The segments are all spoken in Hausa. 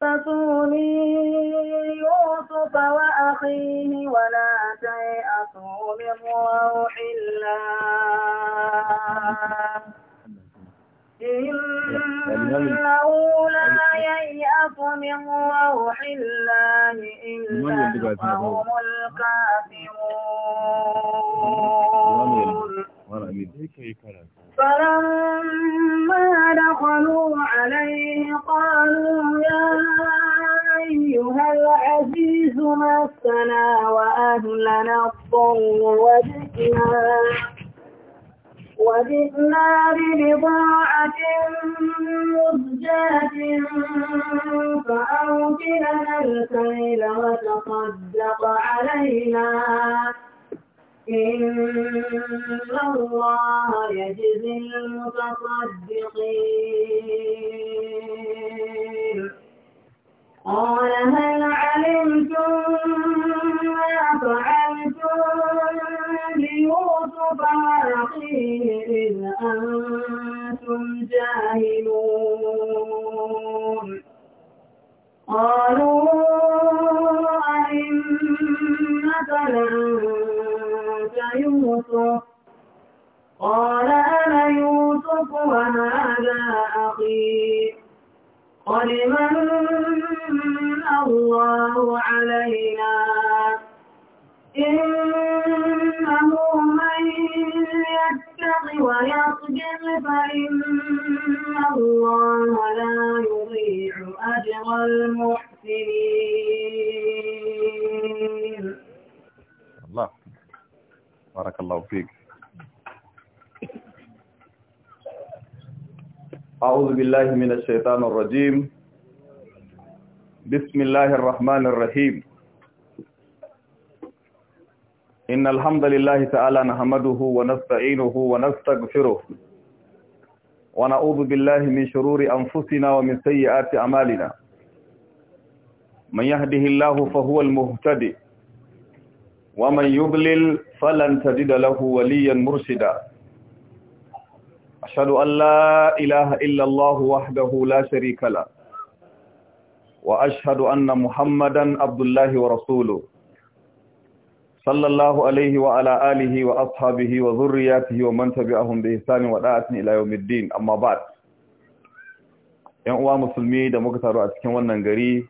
فَأْتُونِي يُوسُفَ وَأَخِيهِ وَلَا تَيْأَسُوا مِنْ رَوْحِ اللَّهِ إِنَّهُ لَا يَيْأَسُ مِنْ رَوْحِ اللَّهِ إِلَّا الْقَوْمُ الْكَافِرُونَ فلما دخلوا عليه قالوا يا أيها العزيز مسنا وأهلنا الضر وجئنا وجئنا ببضاعة مزجاة فأوكلنا الكيل وتصدق علينا إن الله يجزي المتصدقين ظالماً الله علينا إنه من يتق ويصبر فإن الله لا يضيع أجر المحسنين الله بارك الله فيك أعوذ بالله من الشيطان الرجيم بسم الله الرحمن الرحيم إن الحمد لله تعالى نحمده ونستعينه ونستغفره ونعوذ بالله من شرور أنفسنا ومن سيئات أعمالنا من يهده الله فهو المهتدي ومن يضلل فلن تجد له وليا مرشدا وأشهد أن لا إله إلا الله وحده لا شريك له وأشهد أن محمدا عبد الله ورسوله صلى الله عليه وعلى آله وأصحابه وذرياته ومن تبعهم بإحسان وداعتنا إلى يوم الدين أما بعد ‘Yan uwa musulmi da muka taru a cikin wannan gari,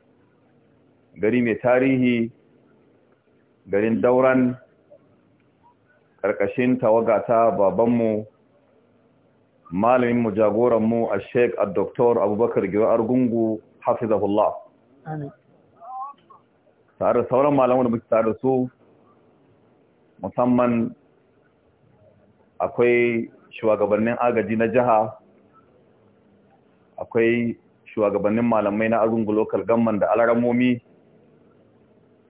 gari mai tarihi, garin dauran, ƙarƙashin tawaga ta babanmu malamin mu jagoran a sheik a doktor abubakar giwa argungu hafizahullah tare sauran malamu da muke tare su musamman akwai shugabannin agaji na jiha akwai shugabannin malamai na argungu Lokal, Gamman da alaramomi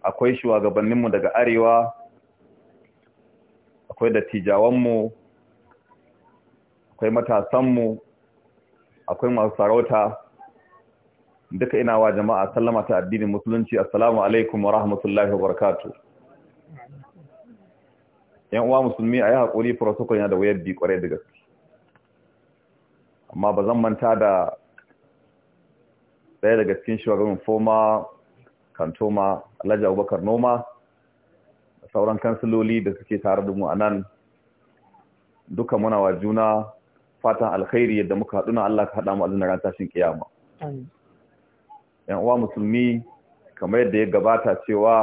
akwai shugabanninmu daga arewa akwai da tijawanmu akwai matasanmu akwai masu sarauta duka ina wa jama'a sallama ta addinin musulunci assalamu alaikum wa rahmatullahi wa barakatu yan uwa musulmi a yi haƙuri furasukun yana da wayar bi ƙwarai da gaske amma ba zan manta da ɗaya daga cikin shugaban foma kantoma alhaji abubakar noma da sauran kansiloli da suke tare da mu a nan duka muna wa juna fatan alkhairi yadda muka haɗu na Allah ka haɗa mu aljanna ran tashin kiyama yan uwa musulmi kamar yadda ya gabata cewa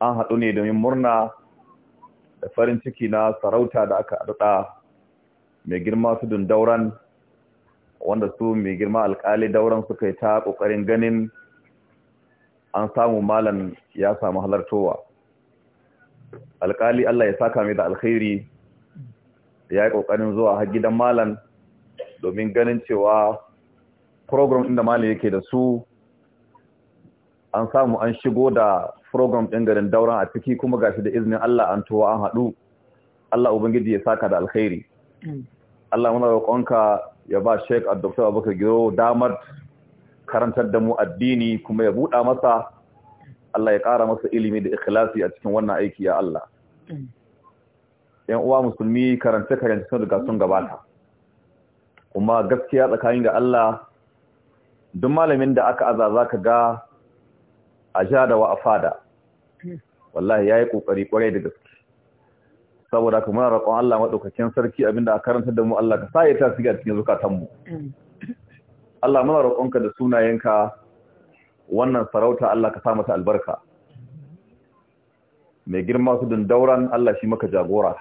an haɗu ne domin murna da farin ciki na sarauta da aka haɗa mai girma su dauran wanda su mai girma alƙali dauran suka yi ta ƙoƙarin ganin an samu malam ya samu halartowa alƙali Allah ya saka mai da alkhairi ya yi ƙoƙarin zuwa har gidan malam domin ganin cewa program inda malam yake da su an samu an shigo da program ɗin garin dauran a ciki kuma gashi da izinin Allah an tuwa an haɗu Allah Ubangiji ya saka da alkhairi Allah muna roƙonka ya ba Sheikh Dr. Abubakar Giro damar karantar da mu addini kuma ya buɗa masa Allah ya ƙara masa ilimi da ikhlasi a cikin wannan aiki ya Allah yan uwa musulmi karanta karanta sun riga sun gabata kuma gaskiya tsakanin da Allah duk malamin da aka aza ka ga a ja da wa fada wallahi yi ƙoƙari kwarai da gaske saboda kuma roƙon Allah madaukakin sarki abinda a karanta da mu Allah ka yi ta siga cikin zukatan mu Allah muna roƙonka da sunayenka wannan sarauta Allah ka sa mata albarka mai girma su dauran Allah shi maka jagora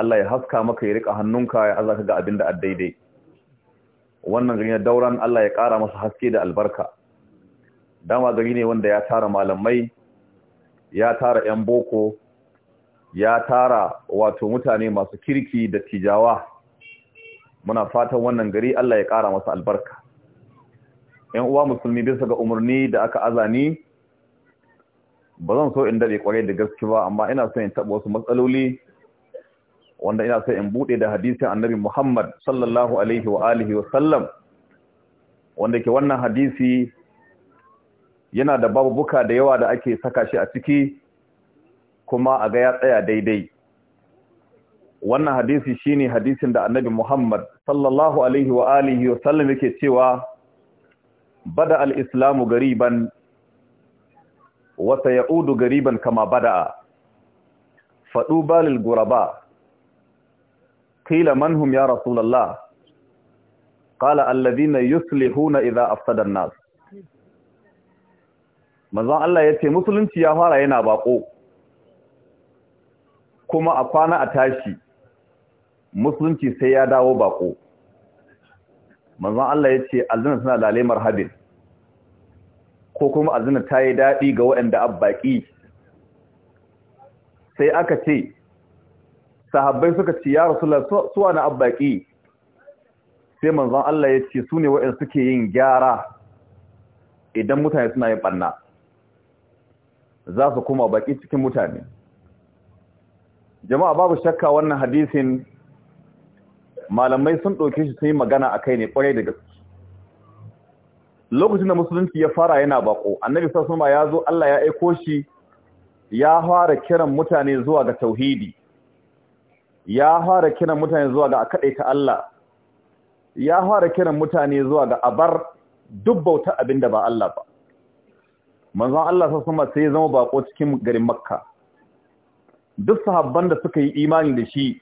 Allah ya haska maka ya rika hannunka ya azaka ga abin da a daidai wannan gari na dauran Allah ya ƙara masa haske da albarka dama gari ne wanda ya tara malamai ya tara 'yan boko ya tara wato mutane masu kirki da tijawa muna fatan wannan gari Allah ya ƙara masa albarka ‘yan uwa musulmi bisa ga umarni da aka azani ba zan so in daɗe ƙwarai da gaske ba amma ina so in taɓa wasu matsaloli wanda ina so in bude da hadisin annabi Muhammad sallallahu alaihi wa alihi wa sallam wanda ke wannan hadisi yana da buka da yawa da ake saka shi a ciki kuma a ga ya tsaya daidai wannan hadisi shine hadisin da annabi Muhammad sallallahu alaihi wa alihi wa sallam yake cewa bada al-islamu gariban wa sayaudu gariban kama bada'a faɗu balil guraba قيل man هم ya رسول الله قال الذين يصلحون اذا افسد nas manzon Allah yace musulunci ya fara yana bako kuma a kwana a tashi musulunci sai ya dawo bako manzon Allah yace aljanna suna da alemar ko kuma aljanna ta yi dadi ga waɗanda abbaki sai aka ce sahabbai suka ce ya rasulullah suwa na abbaki sai manzan Allah ya ce su ne wa'in suke yin gyara idan mutane suna yin ɓanna za su kuma baƙi cikin mutane jama'a babu shakka wannan hadisin malamai sun ɗauke shi sun yi magana a kai ne ƙwarai da gaske lokacin da musulunci ya fara yana bako annabi sassuma ya zo Allah ya aiko shi ya fara kiran mutane zuwa ga tauhidi ya fara kiran mutane zuwa ga a ta Allah ya fara kiran mutane zuwa ga abar duk bauta da ba Allah ba manzon Allah wasallam sai ya zama bako cikin garin makka duk sahabban da suka yi imani da shi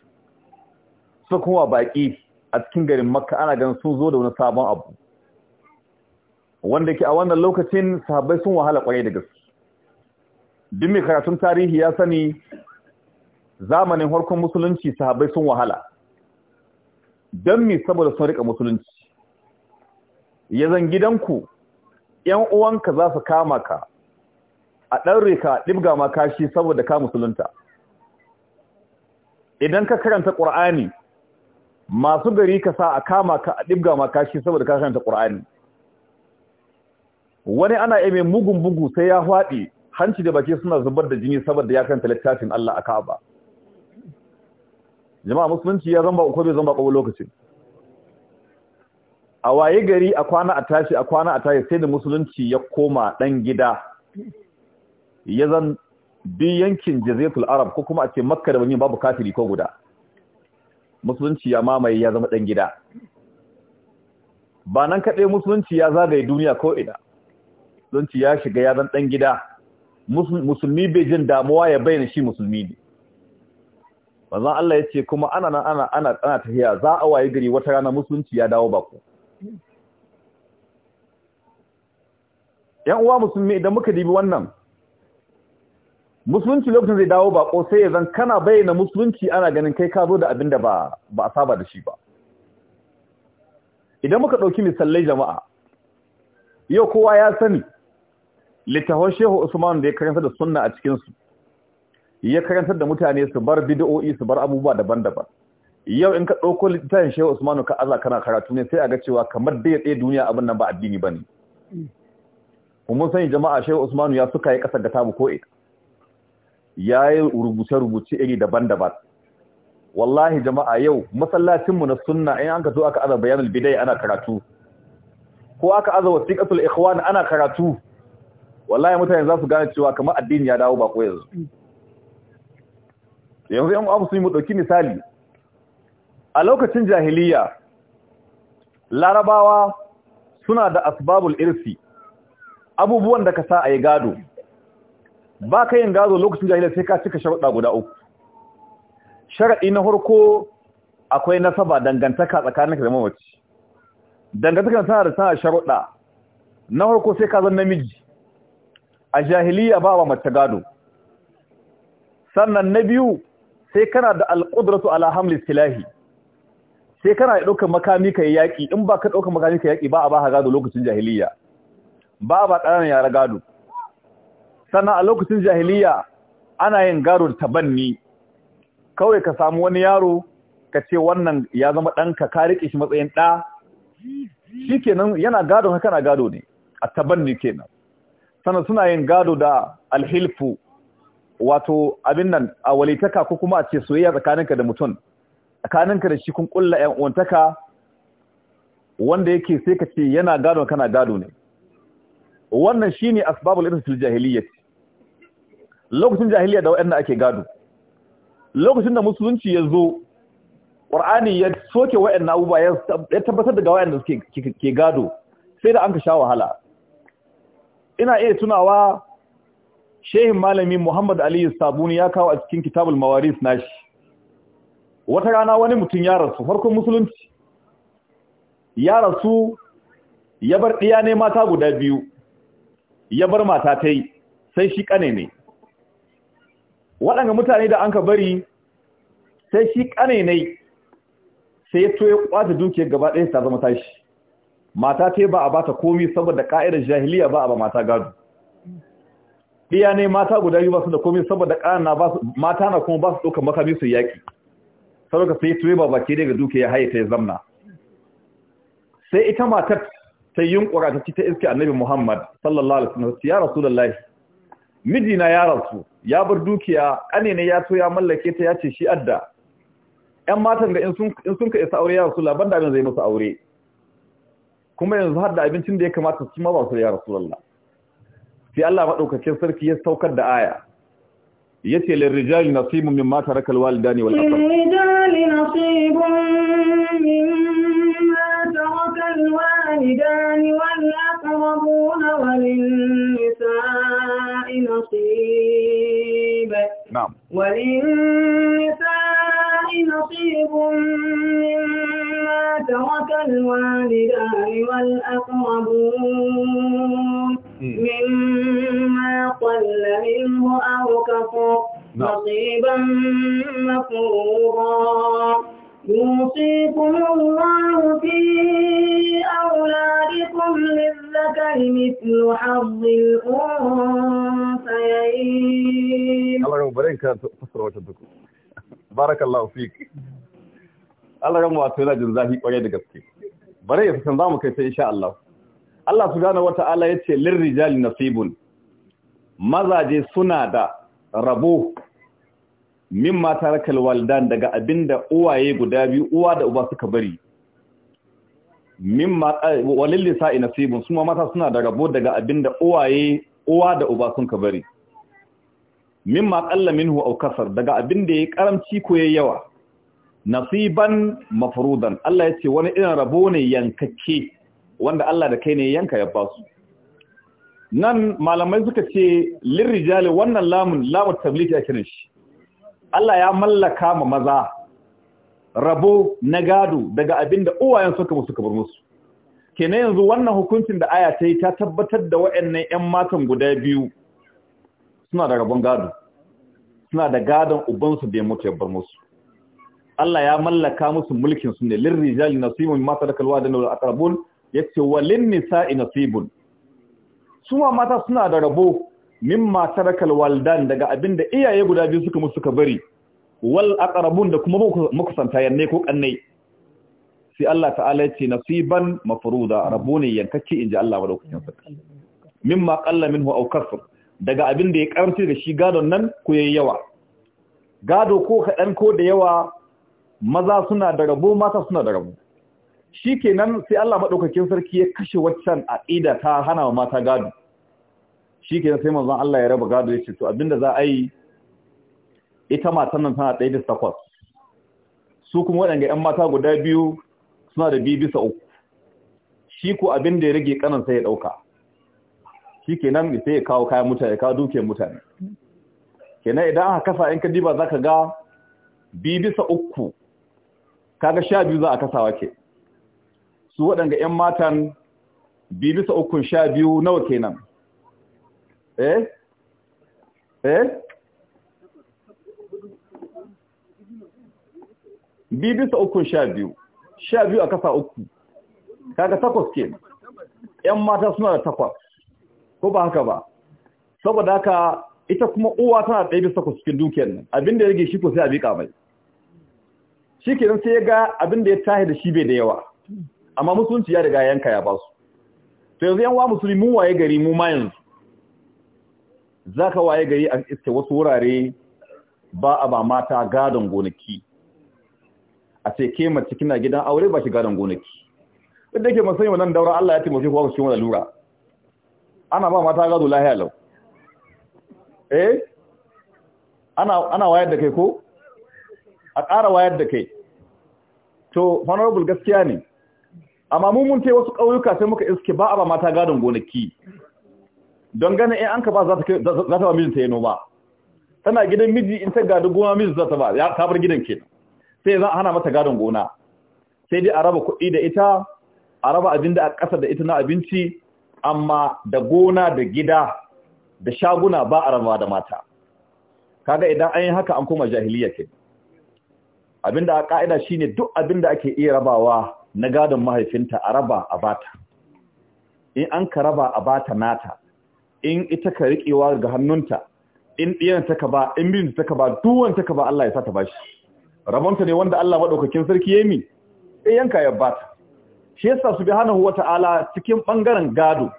su kuma baki a cikin garin makka ana ganin sun zo da wani sabon abu wanda ke a wannan lokacin sahabbai sun wahala kwaye da gaske duk karatun tarihi ya sani zamanin harkon musulunci sahabai sun wahala don mi saboda sun rika musulunci ya zan gidanku ‘yan uwanka za su kama ka a ɗan rika ɗibga kashi saboda ka musulunta idan ka karanta ƙur'ani masu gari ka sa a kama ka a ɗibga kashi saboda ka karanta ƙur'ani wani ana iya mai mugun bugu sai ya faɗi, hanci da baki suna zubar da jini saboda ya karanta littafin Allah a Ka'aba jama'a musulunci ya zamba ko bai zamba ko lokaci. a waye gari a kwana a tashi a kwana a tashi sai da musulunci ya koma dan gida ya zan bi yankin jazirul arab ko kuma a ce makka da babu kafiri ko guda musulunci ya mamaye ya zama dan gida ba nan kadai musulunci ya zagaye duniya ko ina musulunci ya shiga ya zan dan gida musulmi bai jin damuwa ya bayyana shi musulmi ne manzon Allah ya ce kuma ana nan ana ana ana tahiya za a waye gari wata rana musulunci ya dawo bako yan uwa musulmi idan muka dibi wannan musulunci lokacin zai dawo bako sai ya zan kana bayyana musulunci ana ganin kai ka zo da abin da ba ba a saba da shi ba idan muka ɗauki misallai jama'a yau kowa ya sani littafin shehu usman da ya karanta da sunna a cikinsu ya karantar da mutane su bar bid'o'i su bar abubuwa daban-daban yau in ka ɗauko littafin Shehu Usmanu ka Allah kana karatu ne sai a ga cewa kamar da ya tsaye duniya abin nan ba addini ba ne. kuma sani jama'a Shehu Usmanu ya suka yi kasar da tabu ko ita yi rubuce-rubuce iri daban-daban wallahi jama'a yau masallacinmu na sunna in an ka zo aka aza bayanul bidai ana karatu ko aka aza wasiqatul ikhwan ana karatu wallahi mutane za su gane cewa kamar addini ya dawo ba ko yanzu yanzu yan abu sun yi dauki misali a lokacin jahiliya larabawa suna da asbabul irsi abubuwan da ka sa a yi gado ba ka yin gado lokacin jahiliya sai ka cika sharaɗa guda uku sharaɗi na harko akwai nasaba dangantaka tsakanin ka zama wace dangantaka tana da tana sharaɗa na harko sai ka zan namiji a jahiliya ba wa mace gado sannan na biyu sai kana da alƙudratu ala hamlis silahi sai kana da ɗaukar makami ka yi yaƙi in ba ka ɗaukar makami ka yaƙi ba a ba ha gado lokacin jahiliya ba a ba ƙananan yara gado sannan a lokacin jahiliya ana yin gado da tabanni kawai ka samu wani yaro ka ce wannan ya zama ɗanka ka riƙe shi matsayin ɗa shi kenan yana gado haka na gado ne a tabanni kenan sannan suna yin gado da alhilfu wato abin nan a walitaka ko kuma a ce soyayya tsakaninka da mutum tsakaninka da shi kun kulla ƴan uwantaka wanda yake sai ka ce yana gado kana gado ne wannan shine asbabul irs fil jahiliyyah lokacin jahiliya da waɗanda ake gado lokacin da musulunci ya zo ƙur'ani ya soke waɗannan abuba ya tabbatar daga da suke ke gado sai da an ka sha wahala ina iya tunawa shehin malami Muhammad Ali Sabuni ya kawo a cikin kitabul mawaris nashi wata rana wani mutum ya rasu farkon musulunci ya rasu ya bar ɗiya ne mata guda biyu ya bar mata ta yi sai shi ƙane ne waɗanda mutane da an ka bari sai shi ƙane ne sai ya toye ƙwata dukiyar gaba ɗaya ta zama tashi mata ta ba a ba ta komi saboda ƙa'idar jahiliya ba a ba mata gado iya ne mata guda biyu ba su da komai saboda na mata na kuma ba su ɗaukar makami su yaƙi saboda sai tuwe ba baki daga duka ya haye ta ya zamna sai ita matar ta yi yunƙura ta ci ta iske annabi muhammad sallallahu alaihi sallam. ya rasu miji na ya rasu ya bar dukiya ƙane ne ya to ya mallake ta ya ce shi adda ƴan matan ga in sun ka isa aure ya rasu labar da abin zai musu aure kuma yanzu har da abincin da ya kamata su ma ba su ya rasu sai Allah madaukakin sarki ya saukar da aya Ya yace lil rijali nasimun mimma taraka al walidani wal aqrab lil na nasibun mimma taraka al walidani wal aqrabun walin nisa'i nasib na'am walin nisa'i nasibun mimma taraka al walidani wal aqrabun فروضا يوصيكم الله في أولادكم للذكر مثل حظ الأنثيين الله يبارك كانت فسر وجهكم بارك الله فيك Allah ya wato yana jin zafi kwarai da gaske bare ya san zamu kai sai insha Allah Allah subhanahu wataala yace lirrijali nasibun mazaje suna da rabo Min mimma tarakal waldan daga abinda uwaye guda biyu uwa da uba suka bari Min mimma eh, walil lisa'i nasibun suma mata suna da rabo daga abinda uwaye uwa da uba sun ka bari ma qalla minhu aw kasar daga abinda yayi karamci ko yayi yawa nasiban mafrudan Allah ya ce wani irin rabo ne yankake wanda Allah da kai ne yanka ya basu nan malamai suka ce lirrijali wannan lamun lamun tabliki a kiran shi Allah ya mallaka ma maza rabo na gado daga abin da uwayen suka musu kabar musu kenan yanzu wannan hukuncin da aya ta yi ta tabbatar da waɗannan 'yan matan guda biyu suna da rabon gado suna da gadon ubansu da ya mutu ya bar musu Allah ya mallaka musu mulkin su ne lirrijali nasibun mata da kalwa da nuna akarabun ya ce walin nisa'i nasibun su ma mata suna da rabo mimma tarakal waldan daga abinda iyaye guda biyu suka musu suka bari wal aqrabun da kuma makusanta yanne ko kannai sai Allah ta'ala ya ce nasiban mafruda rabuni yankake inji Allah madaukakin sarki mimma qalla minhu aw kasr daga abin ya karanci da shi gadon nan ko yayi yawa gado ko kadan ko da yawa maza suna da rabo mata suna da rabo shikenan sai Allah madaukakin sarki ya kashe waccan aqida ta hana wa mata gado shi ke sai manzon Allah ya raba gado ya ce to abinda za a yi ita matan nan tana ɗaya da takwas su kuma waɗanda 'yan mata guda biyu suna da biyu bisa uku shi ku abin da ya rage kanan sai ya ɗauka shi ke nan sai ya kawo kayan mutane kawo dukiyar mutane kenan idan aka kasa in ka diba za ka ga biyu bisa uku kaga sha biyu za a kasawa ke su waɗanda 'yan matan biyu bisa ukun sha biyu nawa kenan eh eh bi bisa ukun sha biyu sha biyu a kasa uku kaga takwas ke yan mata suna da takwas ko ba haka ba saboda haka ita kuma uwa tana ɗaya bisa takwas cikin dukiyar nan abinda ya rage shi ko sai a bika mai shi kenan sai ya ga abinda ya tahi da shi bai da yawa amma musulunci ya riga yanka ya basu to yanzu yan wa musulmi mu waye gari mu ma yanzu za ka waye gari an iske wasu wurare ba a ba mata gadon gonaki a ce ke mace kina gidan aure ba shi gadon gonaki duk da ke masani wannan daura Allah ya taimake kuwa cikin wannan lura ana ba mata gado lahiya lau eh ana ana wayar da kai ko a ƙara wayar da kai to honorable gaskiya ne amma mun mun wasu ƙauyuka sai muka iske ba a ba mata gadon gonaki don gane in an ka ba za ta ba mijinta ya noma tana gidan miji in ta gadi goma mijin za ta ba ya bar gidan ke sai za hana mata gadon gona sai dai a raba kuɗi da ita a raba abin da a ƙasa da ita na abinci amma da gona da gida da shaguna ba a raba da mata kaga idan an yi haka an koma jahiliya ke da a ka'ida shine duk abin da ake iya rabawa na gadon mahaifinta a raba a bata in an ka raba a bata nata in ita ka riƙewa ga hannunta in ɗiyan ta ka ba in bin ta ka ba duwan ta ka ba Allah ya sa ta ba shi. rabonta ne wanda Allah maɗaukakin sarki ya mi sai yanka ya bata shi yasa huwa ta'ala cikin ɓangaren gado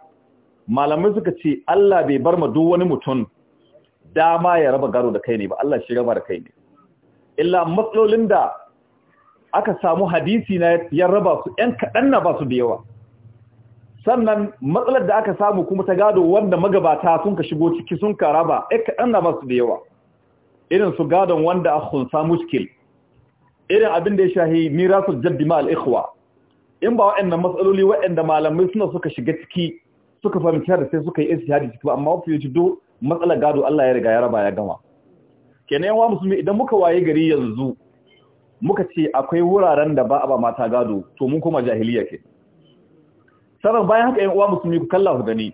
malamai suka ce Allah bai bar ma duk wani mutum dama ya raba gado da kai ne ba Allah shi raba da kai ne illa matsalolin da aka samu hadisi na ya raba su ‘yan kaɗan na ba su da yawa sannan matsalar da aka samu kuma ta gado wanda magabata sun ka shigo ciki sun ka raba aka eh, na masu da yawa irin su gadon wanda a hunsa muskil irin abin da ya shahi mirasul jaddi ma al in ba wa'annan matsaloli waɗanda malamai suna suka shiga ciki suka fahimci da sai suka yi istihadi ciki ba amma wafi yaji do matsalar gado Allah ya riga ya raba ya gama kenan yawa musulmi idan muka waye gari yanzu muka ce akwai wuraren da ba a ba mata gado to mun kuma jahiliya ke sannan bayan haka yan uwa musulmi ku kalla ku gani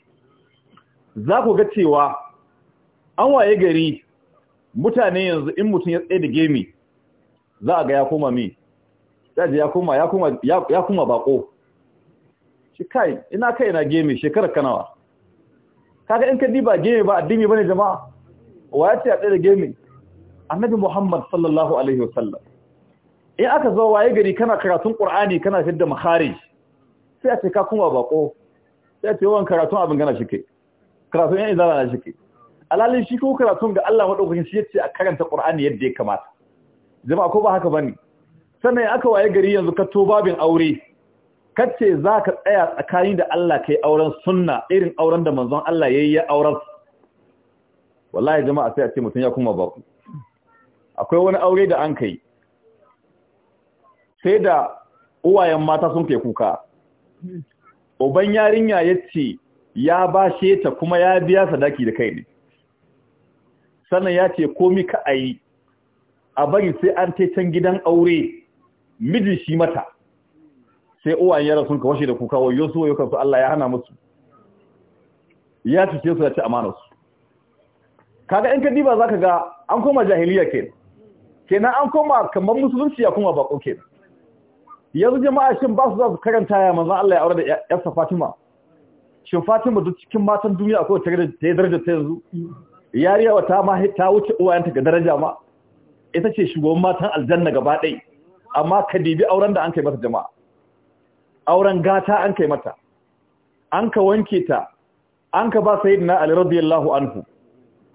za ku ga cewa an waye gari mutane yanzu in mutum ya tsaye da gemi za a ga ya koma mi yaji ya koma ya koma ya koma bako shi kai ina kai ina gemi shekarar kanawa kaga in ka diba gemi ba addini bane jama'a wa ya ce a tsaye da gemi annabi muhammad sallallahu alaihi wasallam in aka zo waye gari kana karatun qur'ani kana fidda makharij sai a ce ka kuma bako sai a ce yawan karatun abin gana shi ke karatun yan izara na shi ke alalin shi ko karatun ga Allah maɗaukakin shi yace a karanta Ƙur'ani yadda ya kamata jama'a ko ba haka bane sannan aka waye gari yanzu ka to babin aure kace ka tsaya tsakani da Allah kai auren sunna irin auren da manzon Allah yi ya auren wallahi jama'a sai a ce mutum ya kuma ba akwai wani aure da an kai sai da uwayen mata sun kai kuka uban yarinya ya ce ya bashe ta kuma ya biya sadaki da kai ne sannan ya ce komi ka a yi a bari sai an taitan gidan aure miji shi mata sai uwan yara sun washe da kuka wayo su wayo kansu Allah ya hana musu ya cuce su ya ci amanarsu kaga in ka diba ka ga an koma jahiliya kenan kenan an koma kamar musulunci ya koma bako kenan yanzu jama'a shin ba su za su karanta ya manzan Allah ya aure da yarsa Fatima shin Fatima duk cikin matan duniya akwai ta ta daraja ta yanzu yariya wata ma ta wuce uwayenta ga daraja ma ita ce shugaban matan aljanna gaba ɗaya amma ka dibi auren da an kai mata jama'a auren gata an kai mata an ka wanke ta an ka ba sayyidina Ali radiyallahu anhu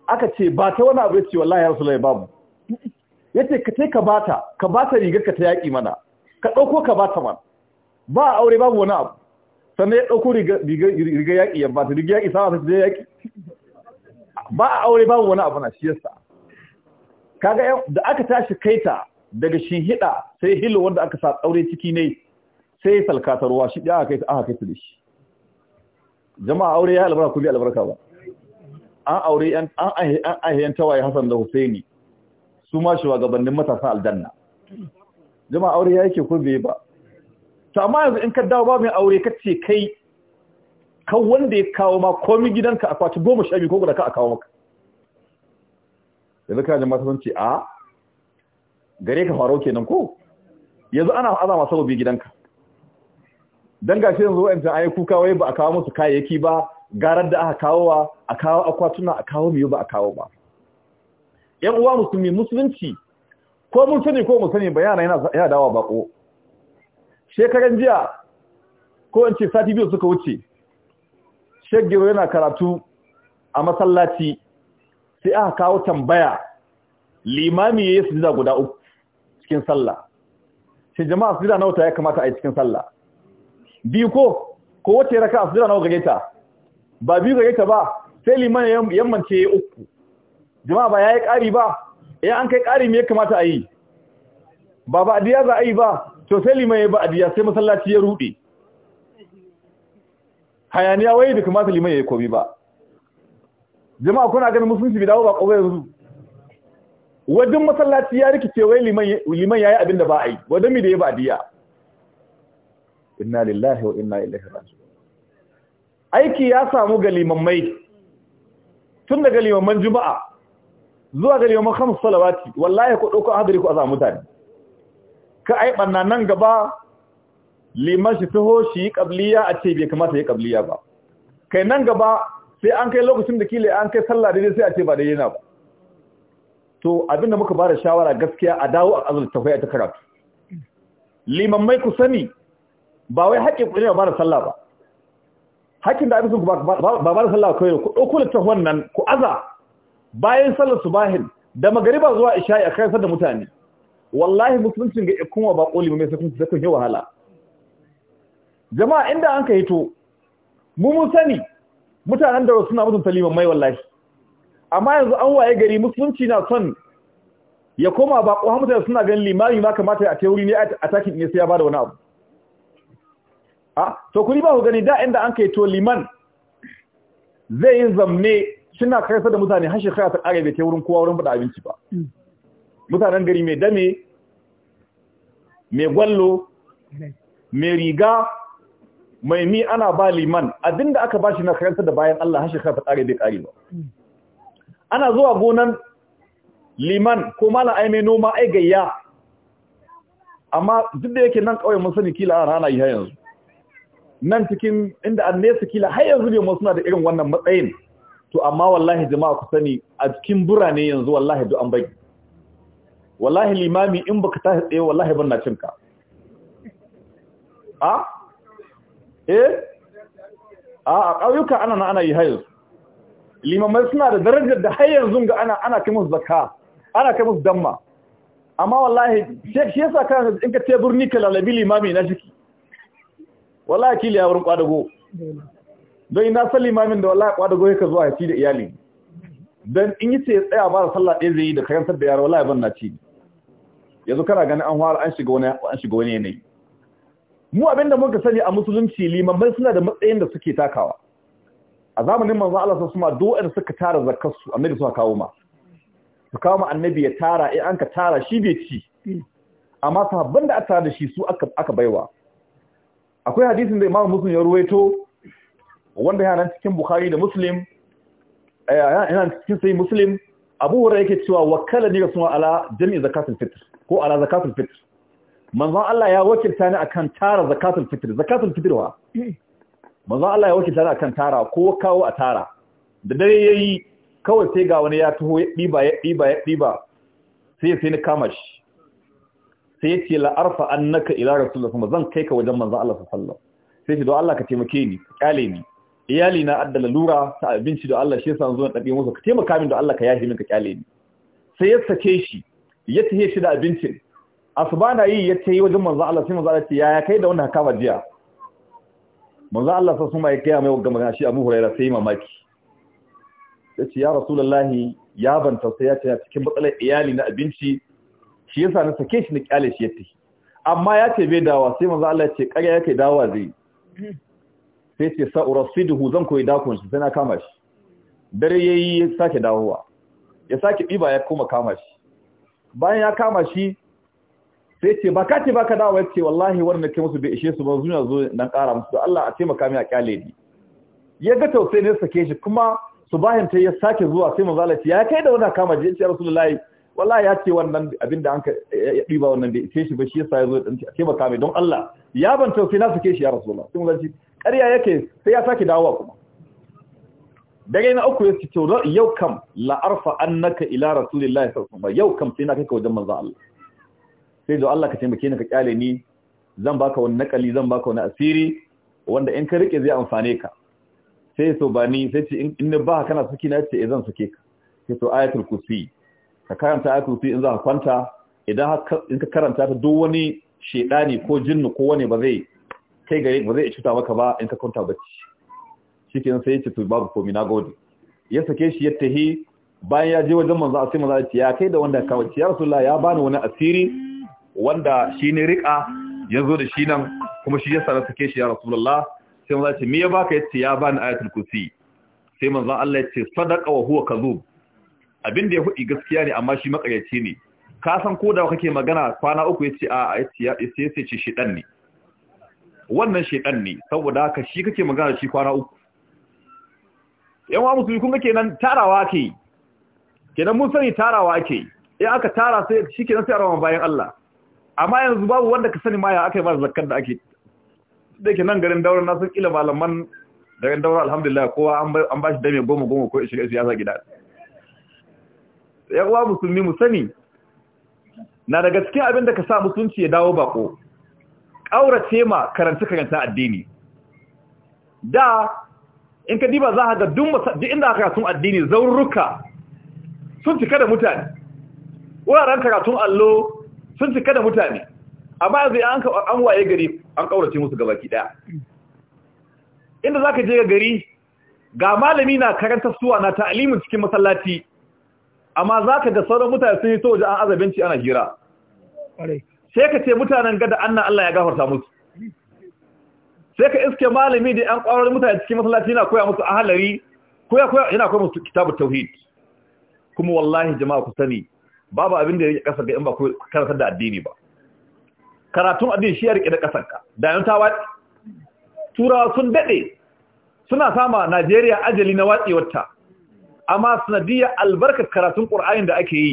aka ce ba ta wani abu ya ce wallahi ya rasulullahi babu yace ka ka bata ka bata rigar ka ta yaki mana ka ɗauko ka ba ta ba ba aure babu wani abu sannan ya ɗauko riga yaƙi ya ba ta riga yaƙi sama ta je yaƙi ba a aure babu wani abu na shi yasa kaga da aka tashi kaita daga shi hida sai hilo wanda aka sa aure ciki ne sai salkatarwa shi ɗaya kai aka kai da shi jama'a aure ya albarka kulli albarka ba an aure an an ahiyan tawaye Hassan da Husaini su ma shugabannin matasan aljanna jama'a aure ya yake ko bai ba to amma yanzu in ka dawo ba mai aure ka ce kai ka wanda ya kawo ma komi gidanka akwati goma sha biyu ko guda ka a kawo maka yanzu ka jama'a sun ce a gare ka faro kenan ko yanzu ana masa saboda gidanka dan gashi yanzu wa'ancan ayi kuka wai ba a kawo musu kayayyaki ba garar da aka kawo a kawo akwatuna a kawo miyo ba a kawo ba yan uwa musulmi musulunci ko mun sani ko mun sani ba yana yana dawa bako shekaran jiya ko in ce sati biyu suka wuce shaggero yana karatu a masallaci sai aka kawo tambaya limami ya yi sujida guda uku cikin sallah shi jama'a sujida nawa ta ya kamata a yi cikin sallah biyu ko ko wace raka sujida nawa gare ta ba biyu gare ba sai liman yammance uku jama'a ba ya yi ƙari ba ya eh, an kai ƙari me ya kamata a yi ba ba adiya za a yi ba to sai liman ya ba adiya sai masallaci ya rude hayaniya wai da kamata liman ya yi komi ba jama'a kuna ganin musulunci bi dawo ba kawai yanzu wajen masallaci ya rikice wai liman ya yi abin da ba a yi wajen mi da ya ba adiya inna lillahi wa inna ilaihi raji'un aiki ya samu ga limammai tun daga limamman juma'a zuwa ga yamma khamsu salawati wallahi ku dauko hadari ku azamu mutane ka ai banna nan gaba liman shi taho shi qabliya a ce bai kamata ya qabliya ba kai nan gaba sai an kai lokacin da kile an kai sallah daidai sai a ce ba daidai na ba to abinda muka bada shawara gaskiya a dawo a azul tafaya ta karatu liman mai ku sani ba wai haƙƙin ku ne ba da sallah ba haƙƙin da abin ku ba ba da sallah kai ku dauko littafin wannan ku aza bayan sallar subahin da magariba zuwa isha a kayan da mutane wallahi musulunci ga ikunwa ba koli mai da kun yi wahala jama'a inda an ka hito mu mun sani mutanen da suna mutum, liman mai wallahi amma yanzu an waye gari musulunci na son ya koma ba ko mutane suna ganin limami ma kamata a teori ne a takin ne sai ya bada wani abu a ah, to kuni ba ku gani da inda an kai to liman zai yi zamne suna karfa da mutane hashe kai ta kare bai kai wurin kowa wurin abinci ba mm. mutanen gari mai dame mai gwallo mai riga mai mi ana ba liman abinda aka ba shi na karanta da bayan Allah hashe kai ta kare bai kare ba mm. ana zuwa gonan liman ko mala ai mai noma ai gayya amma duk da yake nan kawai mun sani kila ana yi har yanzu nan cikin inda an nesa kila har yanzu ne mun suna da irin wannan matsayin to amma wallahi jama'a ku sani a cikin burane yanzu wallahi du'an an bai wallahi limami in baka tashi tsaye wallahi ban na cinka a eh a a ƙauyuka ana nan ana yi hayo. limamai suna da darajar da har yanzu ga ana ana kai musu zakka ana kai musu damma amma wallahi shi yasa kana in ka ce birni ka lalabi limami na jiki wallahi kili ya wurin kwadago don ina san limamin da wallahi kwa da goyi ka zuwa ya ci da iyali don in yi sai ya tsaya ba da sallah ɗaya zai yi da karantar da yara wallahi ban na ci yanzu kana ganin an hwara an shiga wani an shiga wani yanayi mu abinda muka sani a musulunci limamai suna da matsayin da suke takawa a zamanin manzo Allah sallallahu suma wasallam da suka tara zakar su annabi suka kawo ma su kawo ma annabi ya tara in an ka tara shi bai ci amma sahabban da aka tara da shi su aka aka baiwa akwai hadisin da Imam Muslim ya ruwaito wanda yana cikin bukhari da muslim eh, yana cikin sai muslim abu hura yake cewa wakala ne ga suna ala jami zakatul fitr ko ala zakatul fitr manzon Allah ya wakilta ni akan tara zakatul fitr zakatul fitr wa manzon Allah ya wakilta ni akan tara ko kawo a tara da dare yayi kawai sai ga wani ya taho ya diba ya diba ya diba sai sai ni kama shi sai yace la arfa annaka ila rasulullah zan kai ka wajen manzon Allah sallallahu alaihi wasallam sai ce do Allah ka taimake ni kyale ni iyali na addala lura ta abinci da Allah shi yasa zo da dabe musu ka taimaka min da Allah ka yafi min ka kyale ni sai ya sake shi ya tahe shi da abincin asbana yi ya tayi wajen manzo Allah sai manzo Allah ya ya kai da wannan haka jiya manzo Allah sai kuma ya kai mai wagga magana shi Abu Hurairah sai mamaki yace ya Rasulullahi ya ta sai ya ce cikin matsalar iyali na abinci shi yasa na sake shi na kyale shi ya tahi amma ya ce bai dawa sai manzo Allah ya ce ƙarya yake dawa zai sai ce sa'urasiduhu zan koyi dakon shi sai na kama shi dare yi ya sake dawowa ya sake ɗiba ya kuma kama shi bayan ya kama shi sai ce ba kati ba ka dawo ya ce wallahi na ke musu bai ishe su ba zuwa zo nan ƙara musu Allah a taimaka mai a ƙyale ni ya ga tausayi ne sake shi kuma su bayan ta ya sake zuwa sai mazalaci ya kai da wani kama je ya ce rasulullahi wallahi ya ce wannan abin da ka ya ɗiba wannan bai ishe shi ba shi yasa yazo ya ɗanci a taimaka mai don Allah ya ban tausayi na suke shi ya rasu ba sun zanci ƙarya yake sai ya sake dawowa kuma daga yana uku ya ce to yau kam la an naka ila rasulillahi sallallahu alaihi ba yau kam sai na kai ka wajen manzo Allah sai zo Allah ka taimake ni ka kyale ni zan baka wani nakali zan baka wani asiri wanda in ka rike zai amfane ka sai so ba ni sai ce in ba kana suki na ce eh, zan suke ka sai to ayatul kursi ka karanta ayatul kursi in za ka kwanta idan in ka karanta ta duk wani shedani ko jinnu ko wani ba zai kai gare ba zai cuta maka ba in ka kwanta bacci shikenan sai ya ce to babu komai na gode ya sake shi ya tahi bayan ya je wajen manzo a sai manzo ya kai da wanda ka wuce ya rasulullahi ya bani wani asiri wanda shi ne rika yazo da shi nan kuma shi ya sanar sake shi ya rasulullahi sai manzo ya ce me ya baka ce ya bani ayatul kursi sai manzo Allah ya ce sadaqa wa huwa kadhub abin da ya hudi gaskiya ne amma shi makaryaci ne ka san ko da kake magana kwana uku yace a ya yace ce shedan ne wannan shedan ne saboda haka shi kake magana shi kwana uku yan wa musu kun kake kenan tarawa ake kenan mun sani tarawa ake in aka tara sai shi kenan sai a bayan Allah amma yanzu babu wanda ka sani ma ya aka yi ba zakkar da ake da ke nan garin daura na sun kila malaman da garin daura alhamdulillah kowa an ba shi dame goma goma ko ishirin ya sa gida yawa musulmi mu sani na daga cikin abin da ka sa musulunci ya dawo bako ƙaurace ma karanta karanta addini da in ka diba za ka ga duk inda aka karatun addini zaurruka sun cika da mutane wuraren karatun allo sun cika da mutane amma yanzu an an waye gari an ƙaurace musu gabaki ɗaya inda za ka je ga gari ga malami na karanta suwa na ta'alimin cikin masallaci amma za ka ga sauran mutane sun yi to an azabinci ana hira sai ka ce mutanen gada na Allah ya gafarta musu sai ka iske malami da 'yan ƙwararrun mutane cikin masallaci yana koya musu ahalari koya koya yana koya musu kitabu tauhid kuma wallahi jama'a ku sani babu abin da yake kasar ga in ba ku karatar da addini ba karatun addini shi ya rike da kasar ka da yan tawa turawa sun dade suna sama Najeriya ajali na watsewar ta amma sanadiyya albarkar karatun Qur'ani da ake yi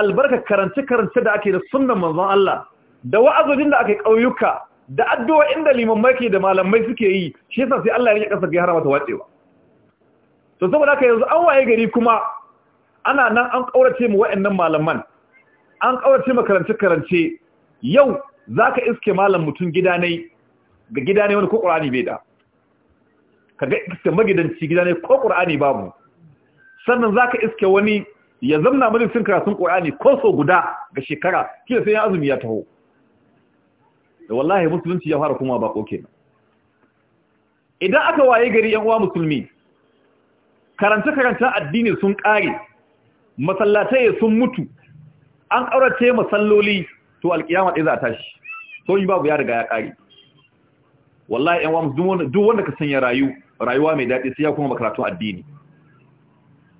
albarkar karanci-karanci da ake da sunnan manzon Allah da wa'azojin da ake ƙauyuka da addu'a inda limammai ke da malamai suke yi shi yasa sai Allah ya rike ga harama ta wacewa. to saboda haka yanzu an waye gari kuma ana nan an kaurace mu wa'annan malaman an kaurace mu karance-karance yau zaka iske malam mutun gida ne ga gida ne wani ko Qur'ani bai da kaga iske magidanci gida ne ko Qur'ani babu sannan za ka iske wani ya zamna majalisin karatun ƙorani ko so guda ga shekara kila sai ya azumi ya taho da wallahi musulunci ya fara kuma ba ko kenan idan aka waye gari yan uwa musulmi karanta karanta addini sun kare masallatai sun mutu an ƙaurace masalloli to alƙiyama ɗai za ta tashi so yi babu ya riga ya ƙare. wallahi yan uwa musulmi duk wanda ka sanya rayu rayuwa mai daɗi sai ya kuma makaratu addini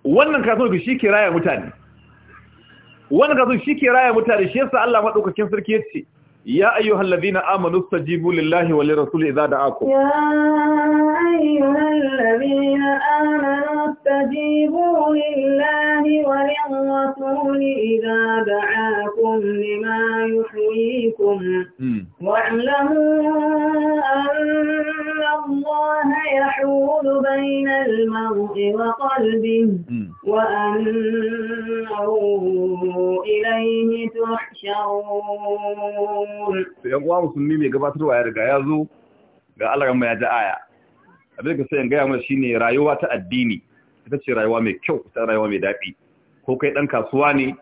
wannan ka so shi ke raya mutane wannan ka shi ke raya mutane shi yasa Allah madaukakin sarki yace ya ayyuhal ladina amanu stajibu lillahi wal rasul idza da'akum ya ayyuhal ladina amanu stajibu lillahi wal rasul idza da'akum lima yuhyikum hmm. wa'lamu الله يحول بين المرء وقلبه وأنه إليه تحشرون yan uwa musulmi mai gabatarwa ya riga ya zo ga alaran aya abin da sai ga gaya mai shine rayuwa ta addini ita ce rayuwa mai kyau ta rayuwa mai daɗi ko kai ɗan kasuwa ne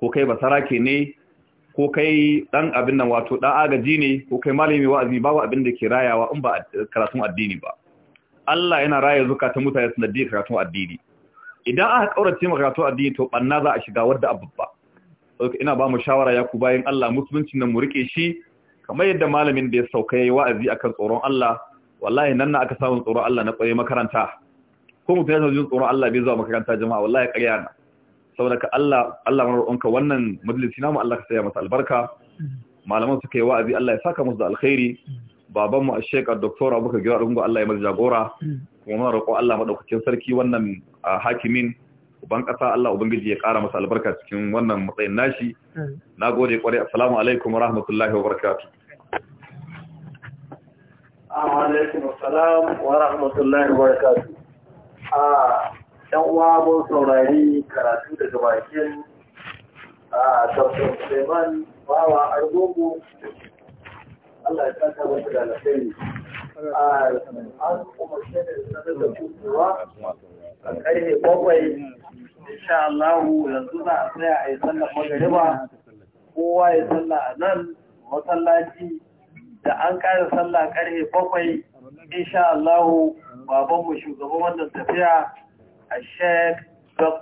ko kai basarake ne ko kai dan abin nan wato dan agaji ne ko kai malami wa'azi babu abin da ke rayawa in ba karatun addini ba Allah yana raya zukatan mutane su naddi karatun addini idan aka kaurace maka karatun addini to banna za a shiga wadda abubba ina ba mu shawara ya ku bayan Allah musulunci nan mu rike shi kamar yadda malamin da ya sauka yayi wa'azi akan tsoron Allah wallahi nan na aka samu tsoron Allah na kwaye makaranta ko mutum ya jin tsoron Allah bai zuwa makaranta jama'a wallahi ƙarya na saboda ka Allah Allah marwanka wannan majalisi namu Allah ka saya masa albarka malaman suka yi wa'azi Allah ya saka musu da alkhairi baban mu Sheikh Dr. Abubakar Giro Dungo Allah ya masa jagora kuma muna roƙo Allah madaukakin sarki wannan hakimin uban ƙasa Allah ubangiji ya ƙara masa albarka cikin wannan matsayin nashi nagode kwarai assalamu alaikum wa rahmatullahi wa barakatuh alaikum assalam wa rahmatullahi wa barakatuh ah, Ɗan uwa mun saurari karatu daga bakin a tafsir suleiman bawa argungu allah ya ta masa da a an umarce da sanar da kuma a ne bakwai insha Allah yanzu za a tsaya a yi sallar magariba kowa ya sallah a nan masallaci da an ƙara sallah karfe bakwai insha Allah babanmu shugaban wannan tafiya الشيخ